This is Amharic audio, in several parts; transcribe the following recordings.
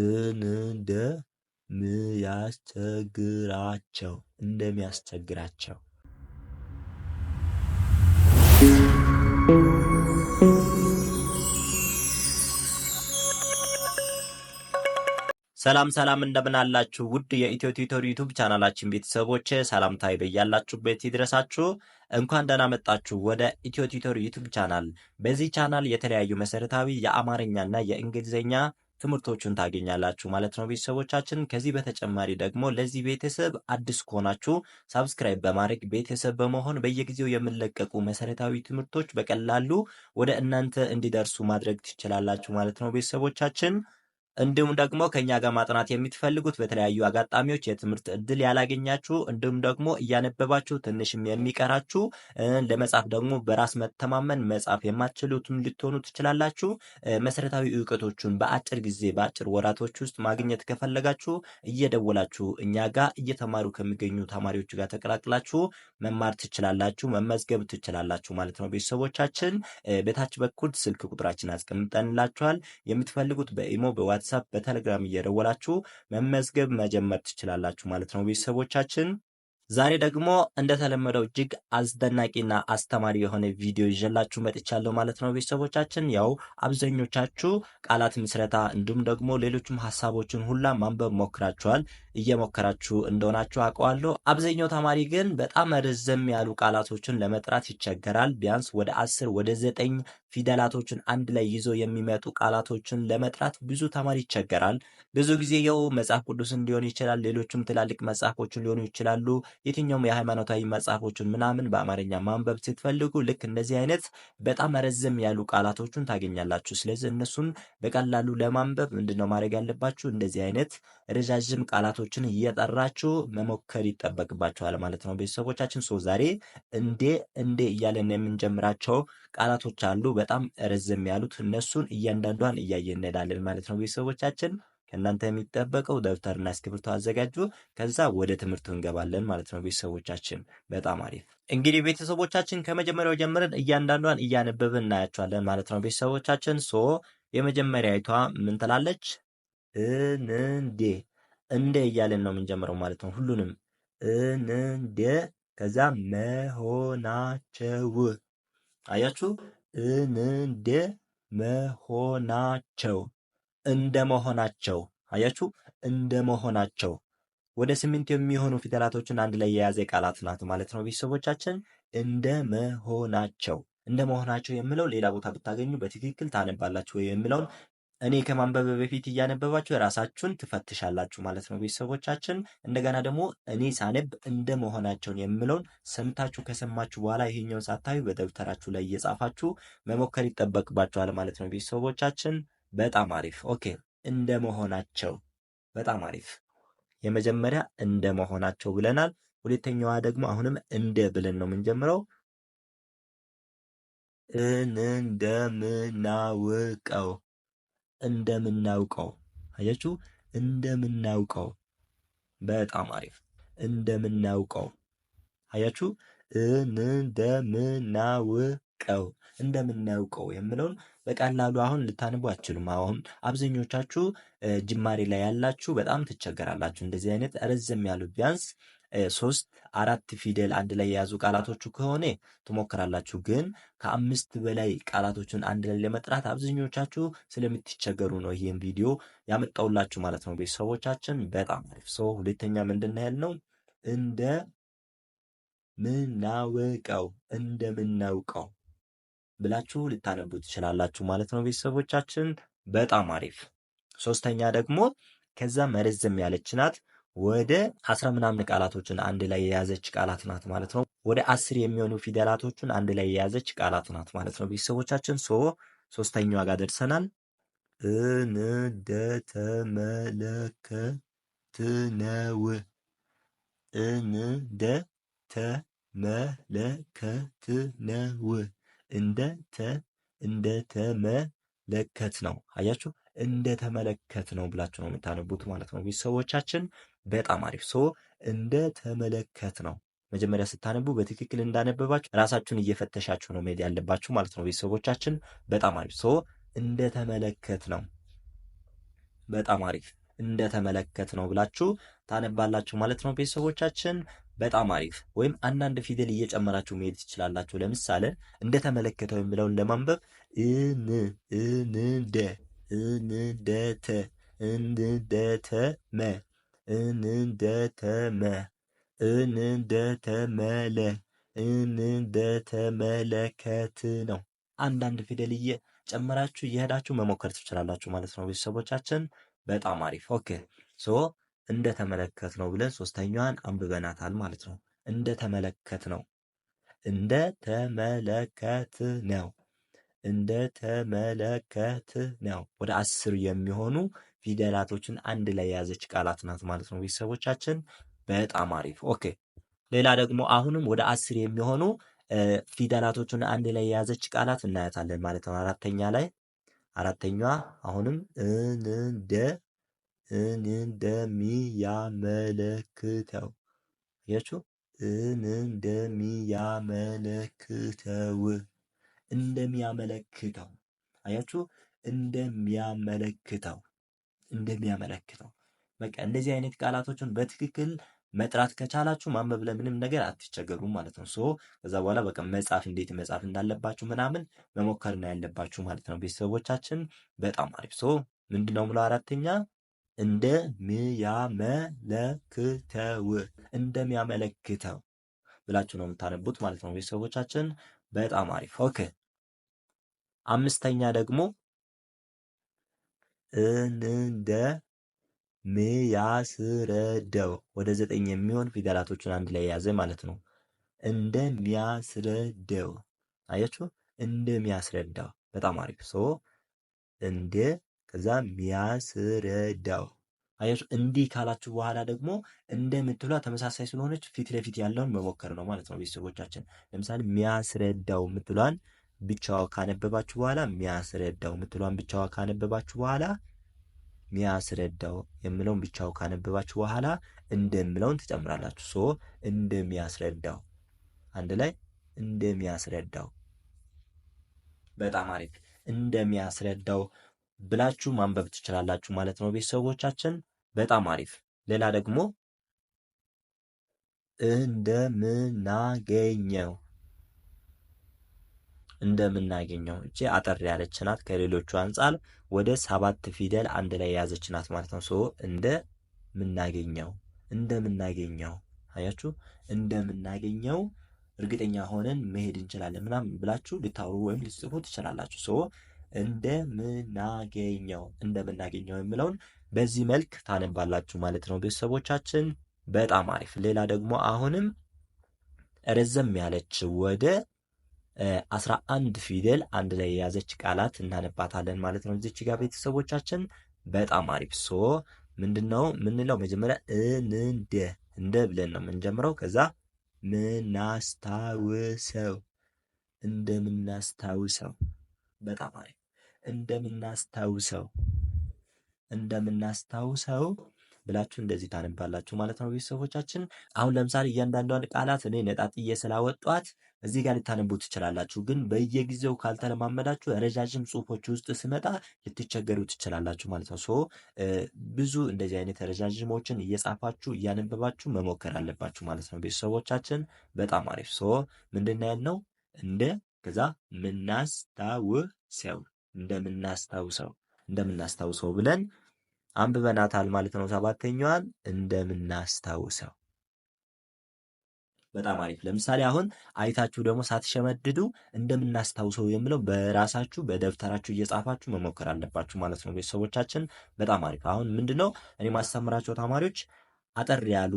እንደሚያስቸግራቸው ሰላም ሰላም እንደምን አላችሁ? ውድ የኢትዮ ቲዩቶር ዩቱብ ቻናላችን ቤተሰቦች ሰላምታ በያላችሁበት ይድረሳችሁ። እንኳን ደህና መጣችሁ ወደ ኢትዮ ቲዩቶር ዩቱብ ቻናል። በዚህ ቻናል የተለያዩ መሰረታዊ የአማርኛና የእንግሊዝኛ ትምህርቶቹን ታገኛላችሁ ማለት ነው። ቤተሰቦቻችን ከዚህ በተጨማሪ ደግሞ ለዚህ ቤተሰብ አዲስ ከሆናችሁ ሳብስክራይብ በማድረግ ቤተሰብ በመሆን በየጊዜው የምንለቀቁ መሰረታዊ ትምህርቶች በቀላሉ ወደ እናንተ እንዲደርሱ ማድረግ ትችላላችሁ ማለት ነው ቤተሰቦቻችን። እንዲሁም ደግሞ ከኛ ጋር ማጥናት የምትፈልጉት በተለያዩ አጋጣሚዎች የትምህርት እድል ያላገኛችሁ እንዲሁም ደግሞ እያነበባችሁ ትንሽም የሚቀራችሁ ለመጻፍ ደግሞ በራስ መተማመን መጻፍ የማትችሉትም ልትሆኑ ትችላላችሁ። መሰረታዊ እውቀቶቹን በአጭር ጊዜ በአጭር ወራቶች ውስጥ ማግኘት ከፈለጋችሁ እየደወላችሁ እኛ ጋር እየተማሩ ከሚገኙ ተማሪዎች ጋር ተቀላቅላችሁ መማር ትችላላችሁ፣ መመዝገብ ትችላላችሁ ማለት ነው። ቤተሰቦቻችን በታች በኩል ስልክ ቁጥራችን አስቀምጠንላችኋል። የምትፈልጉት በኢሞ በዋትስ በዋትሳፕ በቴሌግራም እየደወላችሁ መመዝገብ መጀመር ትችላላችሁ ማለት ነው ቤተሰቦቻችን። ዛሬ ደግሞ እንደተለመደው እጅግ አስደናቂና አስተማሪ የሆነ ቪዲዮ ይዤላችሁ መጥቻለሁ ማለት ነው ቤተሰቦቻችን። ያው አብዛኞቻችሁ ቃላት ምስረታ እንዲሁም ደግሞ ሌሎችም ሀሳቦችን ሁላ ማንበብ ሞክራችኋል፣ እየሞከራችሁ እንደሆናችሁ አውቀዋለሁ። አብዛኛው ተማሪ ግን በጣም ረዘም ያሉ ቃላቶችን ለመጥራት ይቸገራል። ቢያንስ ወደ አስር ወደ ዘጠኝ ፊደላቶችን አንድ ላይ ይዞ የሚመጡ ቃላቶችን ለመጥራት ብዙ ተማሪ ይቸገራል። ብዙ ጊዜ የው መጽሐፍ ቅዱስን ሊሆን ይችላል፣ ሌሎችም ትላልቅ መጽሐፎችን ሊሆኑ ይችላሉ። የትኛውም የሃይማኖታዊ መጽሐፎችን ምናምን በአማርኛ ማንበብ ስትፈልጉ ልክ እንደዚህ አይነት በጣም ረዘም ያሉ ቃላቶችን ታገኛላችሁ። ስለዚህ እነሱን በቀላሉ ለማንበብ ምንድነው ማድረግ ያለባችሁ? እንደዚህ አይነት ረዣዥም ቃላቶችን እየጠራችሁ መሞከር ይጠበቅባችኋል ማለት ነው። ቤተሰቦቻችን ሰው ዛሬ እንዴ እንዴ እያለን የምንጀምራቸው ቃላቶች አሉ። በጣም ረዘም ያሉት እነሱን እያንዳንዷን እያየን እንሄዳለን ማለት ነው። ቤተሰቦቻችን ከእናንተ የሚጠበቀው ደብተርና እስክሪብቶ አዘጋጁ። ከዛ ወደ ትምህርቱ እንገባለን ማለት ነው። ቤተሰቦቻችን በጣም አሪፍ። እንግዲህ ቤተሰቦቻችን ከመጀመሪያው ጀምረን እያንዳንዷን እያነበብን እናያቸዋለን ማለት ነው። ቤተሰቦቻችን ሶ የመጀመሪያ ምን ትላለች? እንንዴ እንዴ እያለን ነው የምንጀምረው ማለት ነው። ሁሉንም እንንዴ ከዛ መሆናቸው አያችሁ መሆናቸው እንደ መሆናቸው አያችሁ፣ እንደ መሆናቸው ወደ ስምንት የሚሆኑ ፊደላቶችን አንድ ላይ የያዘ ቃላት ናት ማለት ነው። ቤተሰቦቻችን እንደ እንደ እንደመሆናቸው የምለው ሌላ ቦታ ብታገኙ በትክክል ታነባላችሁ ወይ የሚለውን እኔ ከማንበብ በፊት እያነበባችሁ ራሳችሁን ትፈትሻላችሁ ማለት ነው ቤተሰቦቻችን። እንደገና ደግሞ እኔ ሳነብ እንደ መሆናቸውን የምለውን ሰምታችሁ ከሰማችሁ በኋላ ይሄኛውን ሳታዩ በደብተራችሁ ላይ እየጻፋችሁ መሞከር ይጠበቅባችኋል ማለት ነው ቤተሰቦቻችን። በጣም አሪፍ ኦኬ። እንደ መሆናቸው በጣም አሪፍ። የመጀመሪያ እንደ መሆናቸው ብለናል። ሁለተኛዋ ደግሞ አሁንም እንደ ብለን ነው የምንጀምረው። እንደምናውቀው እንደምናውቀው አያችሁ፣ እንደምናውቀው በጣም አሪፍ እንደምናውቀው አያችሁ፣ እንደምናውቀው እንደምናውቀው የምለውን በቀላሉ አሁን ልታንቡ አትችሉም። አሁን አብዛኞቻችሁ ጅማሬ ላይ ያላችሁ በጣም ትቸገራላችሁ። እንደዚህ አይነት ረዘም ያሉ ቢያንስ ሶስት አራት ፊደል አንድ ላይ የያዙ ቃላቶቹ ከሆነ ትሞክራላችሁ። ግን ከአምስት በላይ ቃላቶችን አንድ ላይ ለመጥራት አብዛኞቻችሁ ስለምትቸገሩ ነው ይህን ቪዲዮ ያመጣውላችሁ ማለት ነው። ቤተሰቦቻችን በጣም አሪፍ ሰው። ሁለተኛ ምንድን ያህል ነው እንደ ምናውቀው እንደምናውቀው ብላችሁ ልታነቡ ትችላላችሁ ማለት ነው። ቤተሰቦቻችን በጣም አሪፍ። ሶስተኛ ደግሞ ከዛ መረዘም ያለች ናት። ወደ አስራ ምናምን ቃላቶችን አንድ ላይ የያዘች ቃላት ናት ማለት ነው። ወደ አስር የሚሆኑ ፊደላቶችን አንድ ላይ የያዘች ቃላት ናት ማለት ነው። ቤተሰቦቻችን ሶ ሶስተኛዋ ጋር ደርሰናል። እንደተመለከትነው እንደተመለከትነው እንደተ እንደተመለከት ነው አያችሁ፣ እንደተመለከት ነው ብላችሁ ነው የምታነቡት ማለት ነው ቤተሰቦቻችን በጣም አሪፍ ሶ እንደ ተመለከት ነው። መጀመሪያ ስታነቡ በትክክል እንዳነበባችሁ ራሳችሁን እየፈተሻችሁ ነው መሄድ ያለባችሁ ማለት ነው። ቤተሰቦቻችን በጣም አሪፍ ሶ እንደ ተመለከት ነው። በጣም አሪፍ እንደ ተመለከት ነው ብላችሁ ታነባላችሁ ማለት ነው። ቤተሰቦቻችን በጣም አሪፍ ወይም አንዳንድ ፊደል እየጨመራችሁ መሄድ ትችላላችሁ። ለምሳሌ እንደተመለከተው የሚለውን ለማንበብ እን እንደ እንደተ እንደተመ እንደተመ እንደተመለ እንደተመለከት ነው። አንዳንድ ፊደል ጨመራችሁ እየሄዳችሁ መሞከር ትችላላችሁ ማለት ነው። ቤተሰቦቻችን በጣም አሪፍ ኦኬ። ሶ እንደተመለከት ነው ብለን ሶስተኛዋን አንብበናታል ማለት ነው። እንደተመለከት ነው እንደተመለከት ነው እንደተመለከት ነው ወደ አስር የሚሆኑ ፊደላቶችን አንድ ላይ የያዘች ቃላት ናት ማለት ነው ቤተሰቦቻችን። በጣም አሪፍ ኦኬ። ሌላ ደግሞ አሁንም ወደ አስር የሚሆኑ ፊደላቶችን አንድ ላይ የያዘች ቃላት እናያታለን ማለት ነው። አራተኛ ላይ አራተኛዋ አሁንም እንደ እንደሚያመለክተው ያችሁ እንደሚያመለክተው እንደሚያመለክተው አያችሁ እንደሚያመለክተው እንደሚያመለክተው በቃ እንደዚህ አይነት ቃላቶችን በትክክል መጥራት ከቻላችሁ ማንበብ ለምንም ነገር አትቸገሩም ማለት ነው። ሶ ከዛ በኋላ በቃ መጻፍ እንዴት መጻፍ እንዳለባችሁ ምናምን መሞከርና ያለባችሁ ማለት ነው። ቤተሰቦቻችን በጣም አሪፍ። ሶ ምንድነው ምለው አራተኛ ሚያመለክተው እንደሚያመለክተው ብላችሁ ነው የምታነቡት ማለት ነው። ቤተሰቦቻችን በጣም አሪፍ ኦኬ። አምስተኛ ደግሞ እንደሚያስረዳው ወደ ዘጠኝ የሚሆን ፊደላቶችን አንድ ላይ የያዘ ማለት ነው። እንደሚያስረዳው አያችሁ፣ እንደሚያስረዳው በጣም አሪፍ ሶ እንደ ከዛ ሚያስረዳው አያችሁ። እንዲህ ካላችሁ በኋላ ደግሞ እንደምትሏ ተመሳሳይ ስለሆነች ፊት ለፊት ያለውን መሞከር ነው ማለት ነው። ቤተሰቦቻችን ለምሳሌ ሚያስረዳው የምትሏን ብቻዋ ካነበባችሁ በኋላ ሚያስረዳው የምትሏን ብቻዋ ካነበባችሁ በኋላ ሚያስረዳው የምለውን ብቻው ካነበባችሁ በኋላ እንደምለውን ትጨምራላችሁ። ሶ እንደሚያስረዳው አንድ ላይ እንደሚያስረዳው። በጣም አሪፍ እንደሚያስረዳው ብላችሁ ማንበብ ትችላላችሁ ማለት ነው ቤተሰቦቻችን። በጣም አሪፍ። ሌላ ደግሞ እንደምናገኘው እንደምናገኘው እቺ አጠር ያለች ናት ከሌሎቹ አንጻር ወደ ሰባት ፊደል አንድ ላይ የያዘች ናት ማለት ነው። ሶ እንደምናገኘው እንደምናገኘው አያችሁ፣ እንደምናገኘው እርግጠኛ ሆነን መሄድ እንችላለን ምናምን ብላችሁ ልታወሩ ወይም ልጽፉ ትችላላችሁ። ሶ እንደምናገኘው እንደምናገኘው የምለውን በዚህ መልክ ታነባላችሁ ማለት ነው። ቤተሰቦቻችን በጣም አሪፍ። ሌላ ደግሞ አሁንም ረዘም ያለች ወደ አስራ አንድ ፊደል አንድ ላይ የያዘች ቃላት እናነባታለን ማለት ነው። እዚች ጋር ቤተሰቦቻችን በጣም አሪፍ ሶ ምንድን ነው ምንለው? መጀመሪያ እንደ እንደ ብለን ነው የምንጀምረው። ከዛ ምናስታውሰው እንደምናስታውሰው በጣም አሪፍ እንደምናስታውሰው እንደምናስታውሰው ብላችሁ እንደዚህ ታነባላችሁ ማለት ነው ቤተሰቦቻችን። አሁን ለምሳሌ እያንዳንዷን ቃላት እኔ ነጣጥዬ ስላወጧት እዚህ ጋር ልታነቡ ትችላላችሁ። ግን በየጊዜው ካልተለማመዳችሁ ረዣዥም ጽሁፎች ውስጥ ስመጣ ልትቸገሩ ትችላላችሁ ማለት ነው። ሶ ብዙ እንደዚህ አይነት ረዣዥሞችን እየጻፋችሁ እያነበባችሁ መሞከር አለባችሁ ማለት ነው። ቤተሰቦቻችን በጣም አሪፍ። ሶ ምንድን ነው እንደ ከዛ ምናስታውሰው እንደምናስታውሰው እንደምናስታውሰው ብለን አንብበናታል ማለት ነው። ሰባተኛዋን እንደምናስታውሰው በጣም አሪፍ። ለምሳሌ አሁን አይታችሁ ደግሞ ሳትሸመድዱ እንደምናስታውሰው የምለው በራሳችሁ በደብተራችሁ እየጻፋችሁ መሞከር አለባችሁ ማለት ነው። ቤተሰቦቻችን በጣም አሪፍ። አሁን ምንድነው እኔ ማስተምራቸው ተማሪዎች አጠር ያሉ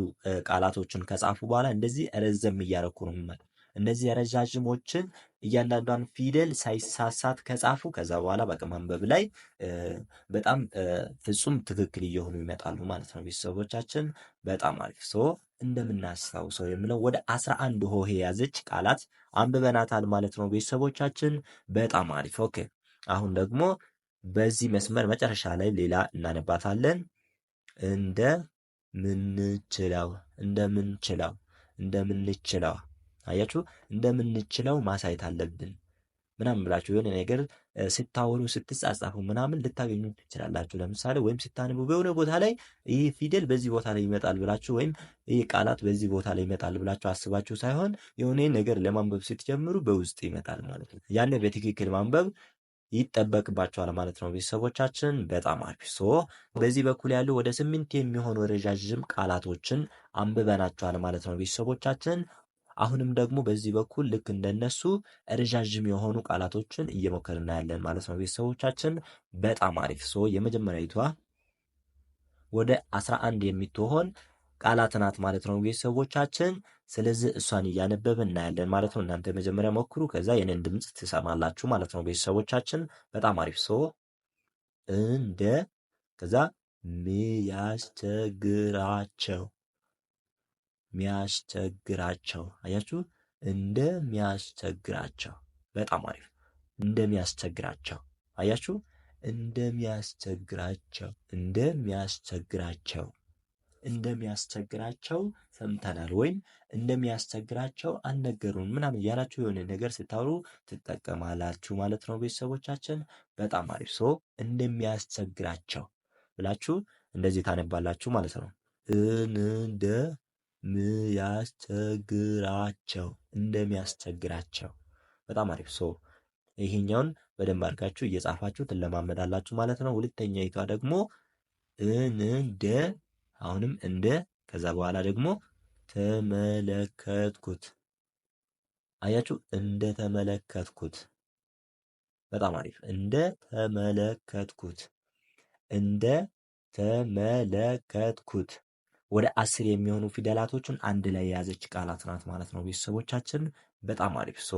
ቃላቶችን ከጻፉ በኋላ እንደዚህ ረዘም እያረኩ ነው የምመጣው። እነዚህ ረዣዥሞችን እያንዳንዷን ፊደል ሳይሳሳት ከጻፉ ከዛ በኋላ በቃ ማንበብ ላይ በጣም ፍጹም ትክክል እየሆኑ ይመጣሉ ማለት ነው። ቤተሰቦቻችን በጣም አሪፍ ሶ እንደምናስታውሰው የምለው ወደ አስራ አንድ ሆሄ የያዘች ቃላት አንብበናታል ማለት ነው ቤተሰቦቻችን። በጣም አሪፍ ኦኬ። አሁን ደግሞ በዚህ መስመር መጨረሻ ላይ ሌላ እናነባታለን። እንደ ምንችለው እንደምንችለው እንደምንችለው አያችሁ፣ እንደምንችለው ማሳየት አለብን። ምናምን ብላችሁ የሆነ ነገር ስታወሩ ስትጻጻፉ ምናምን ልታገኙ ትችላላችሁ። ለምሳሌ ወይም ስታንቡ በሆነ ቦታ ላይ ይህ ፊደል በዚህ ቦታ ላይ ይመጣል ብላችሁ ወይም ይህ ቃላት በዚህ ቦታ ላይ ይመጣል ብላችሁ አስባችሁ ሳይሆን የሆነ ነገር ለማንበብ ስትጀምሩ በውስጥ ይመጣል ማለት ነው። ያን በትክክል ማንበብ ይጠበቅባቸዋል ማለት ነው። ቤተሰቦቻችን በጣም አሪፍ ሶ በዚህ በኩል ያሉ ወደ ስምንት የሚሆኑ ረዣዥም ቃላቶችን አንብበናቸዋል ማለት ነው ቤተሰቦቻችን አሁንም ደግሞ በዚህ በኩል ልክ እንደነሱ ረዣዥም የሆኑ ቃላቶችን እየሞከር እናያለን ማለት ነው። ቤተሰቦቻችን በጣም አሪፍ ሶ የመጀመሪያዊቷ ወደ አስራ አንድ የሚትሆን ቃላት ናት ማለት ነው ቤተሰቦቻችን። ስለዚህ እሷን እያነበበ እናያለን ማለት ነው። እናንተ መጀመሪያ ሞክሩ፣ ከዛ የኔን ድምፅ ትሰማላችሁ ማለት ነው ቤተሰቦቻችን። በጣም አሪፍ ሶ እንደ ከዛ ሚያስቸግራቸው ሚያስቸግራቸው። አያችሁ፣ እንደሚያስቸግራቸው። በጣም አያችሁ፣ እንደሚያስቸግራቸው በጣም አሪፍ። እንደሚያስቸግራቸው አያችሁ፣ እንደሚያስቸግራቸው እንደሚያስቸግራቸው እንደሚያስቸግራቸው ሰምተናል፣ ወይም እንደሚያስቸግራቸው አልነገሩን ምናምን እያላችሁ የሆነ ነገር ስታወሩ ትጠቀማላችሁ ማለት ነው። ቤተሰቦቻችን በጣም አሪፍ ሶ እንደሚያስቸግራቸው ብላችሁ እንደዚህ ታነባላችሁ ማለት ነው። እንደ ሚያስቸግራቸው እንደሚያስቸግራቸው በጣም አሪፍ ሶ ይሄኛውን በደንብ አድርጋችሁ እየጻፋችሁ ትለማመዳላችሁ ማለት ነው። ሁለተኛ ይቷ ደግሞ እንደ አሁንም እንደ ከዛ በኋላ ደግሞ ተመለከትኩት። አያችሁ እንደ ተመለከትኩት በጣም አሪፍ እንደ ተመለከትኩት እንደ ተመለከትኩት ወደ አስር የሚሆኑ ፊደላቶችን አንድ ላይ የያዘች ቃላት ናት ማለት ነው። ቤተሰቦቻችን በጣም አሪፍ ሶ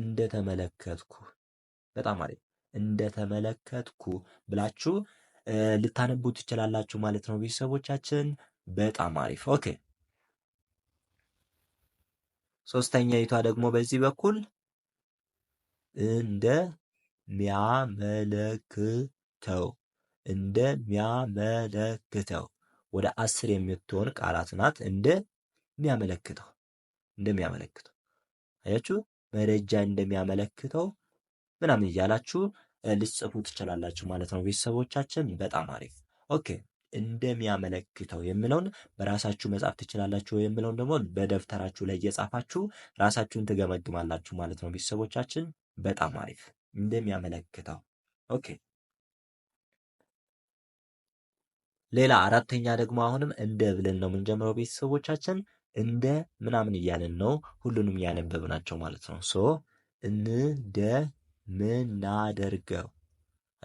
እንደተመለከትኩ በጣም አሪፍ እንደተመለከትኩ ብላችሁ ልታነቡ ትችላላችሁ ማለት ነው። ቤተሰቦቻችን በጣም አሪፍ ኦኬ። ሶስተኛ ይቷ ደግሞ በዚህ በኩል እንደ ሚያመለክተው። ወደ አስር የምትሆን ቃላት ናት እንደሚያመለክተው እንደሚያመለክተው አያችሁ መረጃ እንደሚያመለክተው ምናምን እያላችሁ ልትጽፉ ትችላላችሁ ማለት ነው። ቤተሰቦቻችን በጣም አሪፍ ኦኬ። እንደሚያመለክተው የምለውን በራሳችሁ መጻፍ ትችላላችሁ። የምለውን ደግሞ በደብተራችሁ ላይ እየጻፋችሁ ራሳችሁን ትገመግማላችሁ ማለት ነው። ቤተሰቦቻችን በጣም አሪፍ እንደሚያመለክተው ኦኬ። ሌላ አራተኛ ደግሞ አሁንም እንደ ብለን ነው የምንጀምረው። ቤተሰቦቻችን እንደ ምናምን እያለን ነው ሁሉንም እያነበብ ናቸው ማለት ነው። ሶ እንደምናደርገው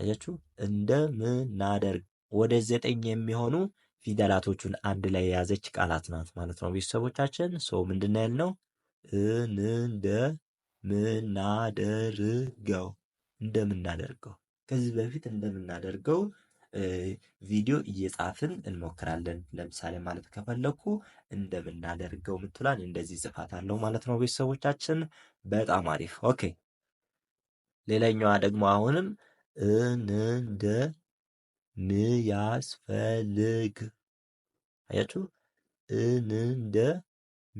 አያችሁ፣ እንደምናደርግ ወደ ዘጠኝ የሚሆኑ ፊደላቶቹን አንድ ላይ የያዘች ቃላት ናት ማለት ነው። ቤተሰቦቻችን ሰው ምንድን ነው ያልነው? ምናደርገው እንደምናደርገው ከዚህ በፊት እንደምናደርገው ቪዲዮ እየጻፍን እንሞክራለን። ለምሳሌ ማለት ከፈለኩ እንደምናደርገው ምትላን እንደዚህ ጽፋት አለው ማለት ነው። ቤተሰቦቻችን በጣም አሪፍ ኦኬ። ሌላኛዋ ደግሞ አሁንም እንደ ሚያስፈልግ አያችሁ፣ እንደ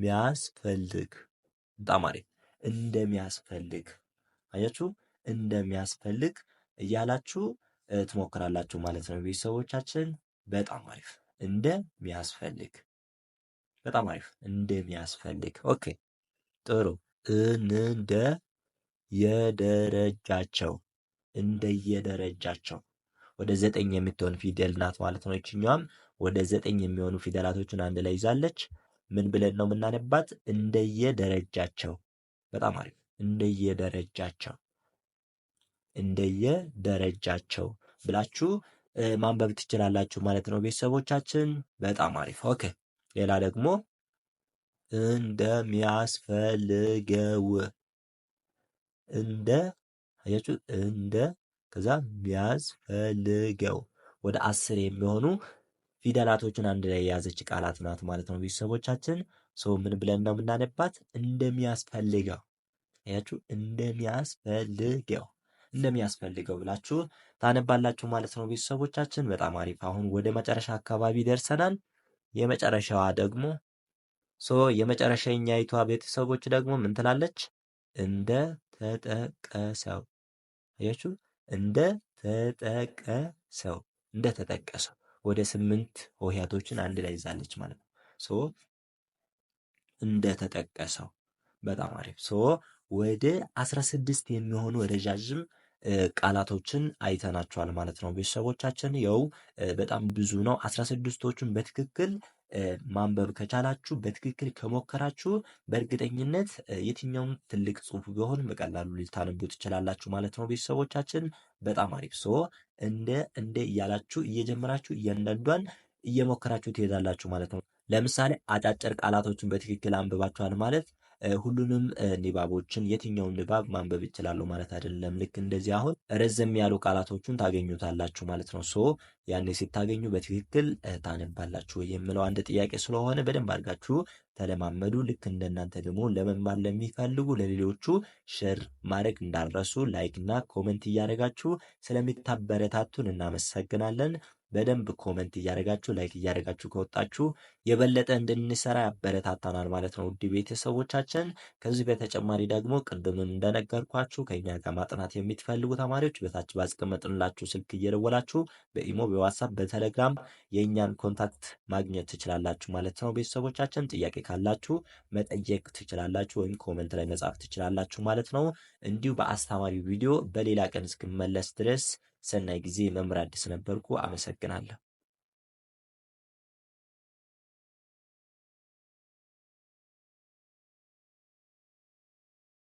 ሚያስፈልግ በጣም አሪፍ እንደሚያስፈልግ አያችሁ፣ እንደሚያስፈልግ እያላችሁ ትሞክራላችሁ ማለት ነው ቤተሰቦቻችን። በጣም አሪፍ እንደሚያስፈልግ በጣም አሪፍ እንደሚያስፈልግ። ኦኬ ጥሩ እንደ የደረጃቸው እንደየደረጃቸው ወደ ዘጠኝ የምትሆን ፊደል ናት ማለት ነው። ይችኛዋም ወደ ዘጠኝ የሚሆኑ ፊደላቶችን አንድ ላይ ይዛለች። ምን ብለን ነው የምናነባት? እንደየደረጃቸው። በጣም አሪፍ እንደየደረጃቸው እንደየደረጃቸው ብላችሁ ማንበብ ትችላላችሁ ማለት ነው። ቤተሰቦቻችን በጣም አሪፍ ኦኬ። ሌላ ደግሞ እንደሚያስፈልገው እንደ አያችሁ እንደ ከዛ ሚያስፈልገው ወደ አስር የሚሆኑ ፊደላቶችን አንድ ላይ የያዘች ቃላት ናት ማለት ነው። ቤተሰቦቻችን ሰው ምን ብለን ነው የምናነባት? እንደሚያስፈልገው አያችሁ፣ እንደሚያስፈልገው እንደሚያስፈልገው ብላችሁ ታነባላችሁ ማለት ነው። ቤተሰቦቻችን በጣም አሪፍ። አሁን ወደ መጨረሻ አካባቢ ደርሰናል። የመጨረሻዋ ደግሞ ሶ የመጨረሻኛይቷ ቤተሰቦች ደግሞ ምን ትላለች? እንደ ተጠቀሰው አያችሁ፣ እንደ ተጠቀሰው እንደ ተጠቀሰው ወደ ስምንት ሆሄያቶችን አንድ ላይ ይዛለች ማለት ነው። ሶ እንደ ተጠቀሰው በጣም አሪፍ። ሶ ወደ አስራ ስድስት የሚሆኑ ረዣዥም ቃላቶችን አይተናቸዋል ማለት ነው። ቤተሰቦቻችን የው በጣም ብዙ ነው። አስራ ስድስቶቹን በትክክል ማንበብ ከቻላችሁ በትክክል ከሞከራችሁ በእርግጠኝነት የትኛውም ትልቅ ጽሑፍ ቢሆን በቀላሉ ልታነቡ ትችላላችሁ ማለት ነው። ቤተሰቦቻችን በጣም አሪፍ ሶ እንደ እንደ እያላችሁ እየጀመራችሁ እያንዳንዷን እየሞከራችሁ ትሄዳላችሁ ማለት ነው። ለምሳሌ አጫጭር ቃላቶችን በትክክል አንብባችኋል ማለት ሁሉንም ንባቦችን የትኛውን ንባብ ማንበብ ይችላሉ ማለት አይደለም። ልክ እንደዚህ አሁን ረዘም ያሉ ቃላቶቹን ታገኙታላችሁ ማለት ነው። ሶ ያኔ ሲታገኙ በትክክል ታነባላችሁ የምለው አንድ ጥያቄ ስለሆነ በደንብ አድርጋችሁ ተለማመዱ። ልክ እንደናንተ ደግሞ ለመማር ለሚፈልጉ ለሌሎቹ ሸር ማድረግ እንዳልረሱ ላይክ እና ኮመንት እያደረጋችሁ ስለሚታበረታቱን እናመሰግናለን። በደንብ ኮመንት እያደረጋችሁ ላይክ እያደረጋችሁ ከወጣችሁ የበለጠ እንድንሰራ ያበረታታናል ማለት ነው። ውድ ቤተሰቦቻችን ከዚህ በተጨማሪ ደግሞ ቅድምም እንደነገርኳችሁ ከኛ ጋር ማጥናት የምትፈልጉ ተማሪዎች በታች ባስቀመጥንላችሁ ስልክ እየደወላችሁ በኢሞ፣ በዋትሳፕ፣ በቴሌግራም የእኛን ኮንታክት ማግኘት ትችላላችሁ ማለት ነው። ቤተሰቦቻችን ጥያቄ ካላችሁ መጠየቅ ትችላላችሁ ወይም ኮመንት ላይ መጻፍ ትችላላችሁ ማለት ነው። እንዲሁ በአስተማሪ ቪዲዮ በሌላ ቀን እስክመለስ ድረስ ሰናይ ጊዜ መምህር አዲስ ነበርኩ። አመሰግናለሁ።